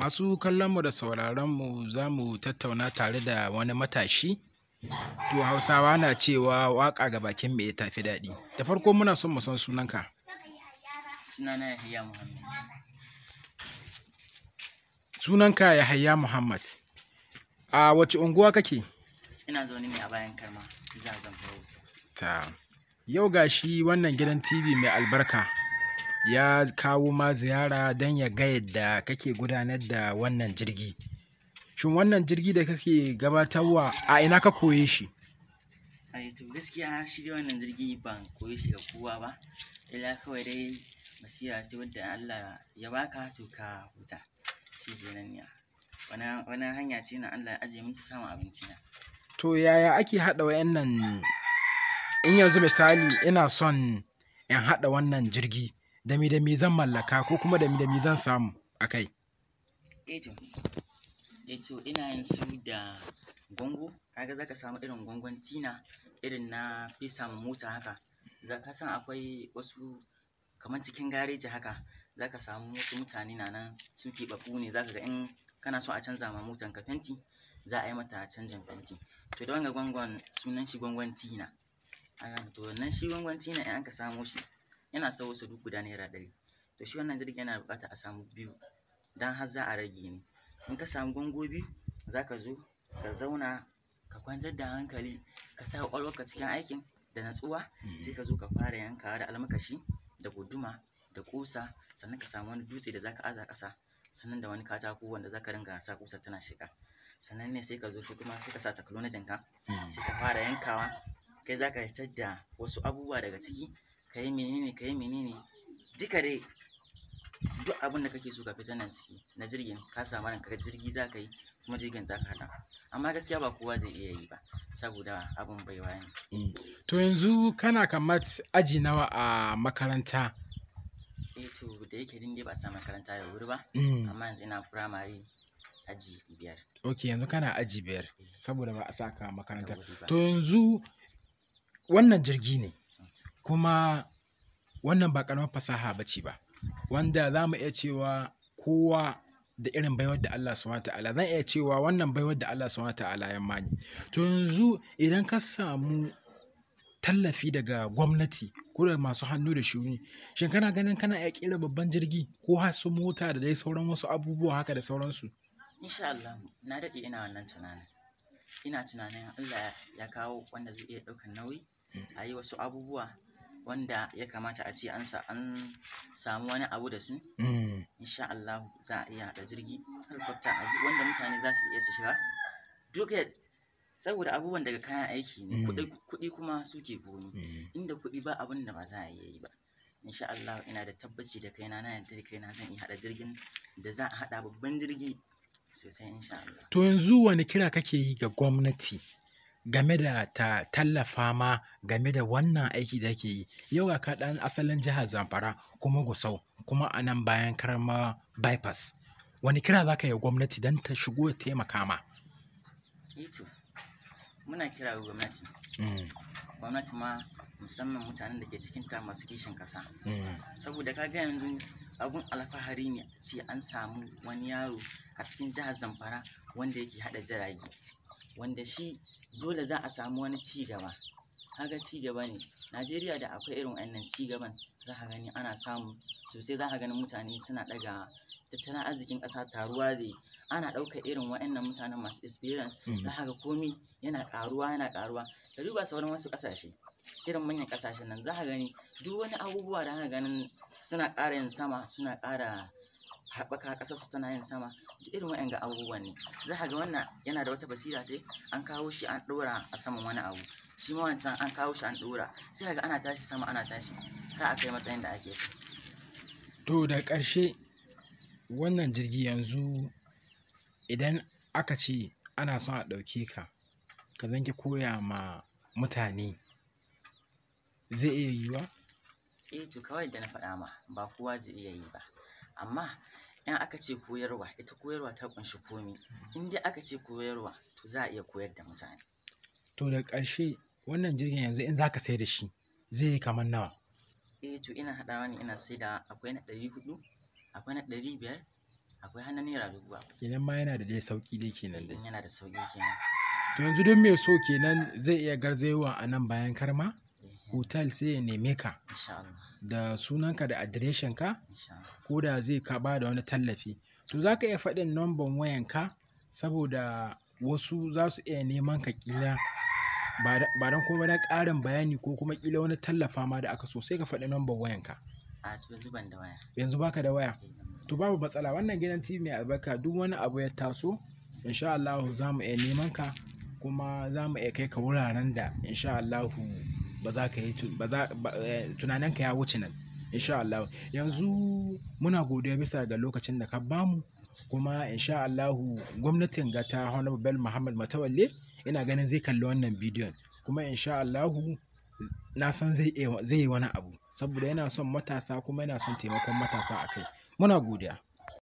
Masu kallonmu da sauraronmu za mu tattauna tare da wani matashi. To Hausawa na cewa waƙa ga bakin mai tafi daɗi. Da farko muna son mu san sunanka. Sunana Yahaya Muhammad. Sunanka Yahaya Muhammad. A wace unguwa kake? Ina zaune ne a bayan karma, jihar Zamfara Ta. Yau gashi, wannan gidan TV mai albarka ya kawo ma ziyara don ya ga yadda kake gudanar da wannan jirgi shin wannan jirgi da kake gabatarwa a ina ka koye shi ai to gaskiya shi da wannan jirgi ban koye shi ga kowa ba ila kawai dai masiya ce wadda Allah ya baka to ka huta shi nan ya wani hanya ce na Allah ya ajiye minta samun abinci na to yaya ake haɗa wayannan in yanzu misali ina son in haɗa wannan jirgi da me da me zan mallaka ko kuma da me da me zan samu a kai eto eh eh ina yin su da gongo kaga ka samu irin gongon tina irin na fi samun mota haka za ka san akwai wasu kamar cikin gareji haka za ka samu wasu mutane na nan su keɓaɓɓu ne ka ga in kana so a canza ma motan ka fenti za a yi mata canjin fenti to da wanga gongon sunan shi gongon tina to wannan shi gongon tina in aka samo shi yana sawo wasu duk guda naira ɗari to shi wannan jirgin yana buƙatar a samu biyu don har za a rage ne in ka samu bango biyu za ka zo ka zauna ka kwantar da hankali ka sa ƙwaƙwalwarka cikin aikin da natsuwa hmm. sai ka zo ka fara yankawa da almakashi da guduma da ƙusa sannan ka samu wani dutse da za ka aza ƙasa sannan da wani katako wanda za ka ringa sa kusa tana shiga sannan ne sai ka zo shi kuma sai ka sa takalmi na jinka hmm. sai ka fara yankawa kai za ka fitar da wasu abubuwa daga ciki ka yi menene ka yi menene duka dai duk abin da kake so ka fitar nan ciki na jirgin ka samu ranka jirgi za ka yi kuma jirgin za ka haɗa amma gaskiya ba kowa zai iya yi ba saboda abin bai ne. Mm. to yanzu kana kamar aji nawa a makaranta eh to da yake din dai ba sa makaranta da wuri ba mm. amma yanzu ina firamare aji biyar okay yanzu kana aji biyar eh. saboda ba a saka makaranta to yanzu wannan jirgi ne kuma wannan ba karamar fasaha ba ce ba wanda za mu iya cewa kowa da irin baiwar da Allah wata ta'ala zan iya cewa wannan baiwar da Allah wata ta'ala ya mani to yanzu idan ka samu tallafi daga gwamnati ko da masu hannu da shuni shin kana ganin kana iya kera babban jirgi ko hasu mota da dai sauran wasu abubuwa haka da sauransu insha Allah na daɗe ina wannan tunanin ina tunanin Allah ya kawo wanda zai iya ɗaukar nauyi a yi wasu abubuwa wanda ya kamata a ce an samu wani abu da su mm. insha Allah za a iya haɗa jirgi helicopter wanda mutane za su iya su shiga duk saboda abubuwan daga kayan aiki ne mm. kuɗi kuma suke goni mm. inda kuɗi ba abin da ba za a yi ba insha Allah ina da tabbaci da kaina na yanzu da kaina zan iya haɗa jirgin da za a haɗa babban jirgi sosai insha Allah to yanzu wani kira kake yi ga gwamnati game da ta tallafa ma game da wannan aiki da ke yi. Yau ga ka ɗan asalin jihar Zamfara kuma Gusau kuma a nan bayan Karama bypass. Wani kira za ka yi gwamnati don ta shigo ta taimaka ma? Eh muna kira ga gwamnati. Mm. gwamnati ma musamman mutanen da ke cikinta masu kishin kasa mm. saboda ka kaga yanzu abun alfahari ne ce an samu wani yaro a cikin jihar zamfara wanda yake hada jirage wanda shi dole za a samu wani ci gaba kaga ci gaba ne najeriya da akwai irin wannan ci gaban za ka gani ana samu sosai za a gani mutane suna ɗagawa tattalin arzikin ƙasa taruwa zai ana ɗaukar irin waɗannan mutanen masu experience mm-hmm. za ka ga komi yana ƙaruwa yana ƙaruwa Da duba sauran wasu ƙasashe irin manyan ƙasashen nan za ka gani duk wani abubuwa da aka ganin suna ƙara yin sama suna ƙara haɓaka ƙasar su tana yin sama duk irin waɗanga abubuwan ne za ka ga wannan yana da wata basira ta an kawo shi an ɗora a saman wani abu shi ma wancan an kawo shi an ɗora sai ka ga ana tashi sama ana tashi Ka a kai matsayin da ake so to da ƙarshe wannan jirgi yanzu idan aka ce ana son a ɗauke ka ka zan ki koya ma mutane zai iya wa? eh to kawai da na faɗa ma ba kowa zai iya yi ba amma in aka ce koyarwa ita koyarwa ta kunshi komi in dai aka ce koyarwa to za a iya koyar da mutane to da ƙarshe wannan jirgin yanzu in zaka sai da shi zai yi kamar nawa eh to ina haɗawa ne ina sai da akwai na ɗari hudu akwai na ɗari biyar akwai hannun naira dubu akwai kenan ma yana da dai sauki dai kenan dai yana da sauki kenan to yanzu don mai so kenan zai iya garzayowa a nan bayan karma eh. hotel sai ya neme ka da sunanka da adireshin ka ko da zai ka ba da wani tallafi to za ka iya faɗin namban wayanka saboda wasu za su iya neman ka kila ba don kuma na ƙarin bayani ko kuma kila wani tallafa ma da aka so sai ka faɗi namban wayanka a yanzu ba da waya yanzu da waya eh, to babu matsala wannan gidan tv mai albarka duk wani abu ya taso insha Allah za mu iya neman ka kuma za mu iya kai ka wuraren da insha Allah ba za ka yi eh, tunanin ka ya wuce nan insha Allah yanzu muna godiya bisa ga lokacin da ka bamu kuma insha Allah gwamnatin gata ta Honorable Muhammad Matawalle ina ganin zai kalli wannan bidiyon kuma insha Allah na san zai yi wani abu saboda yana son matasa kuma yana son taimakon matasa a kai. Muna godiya.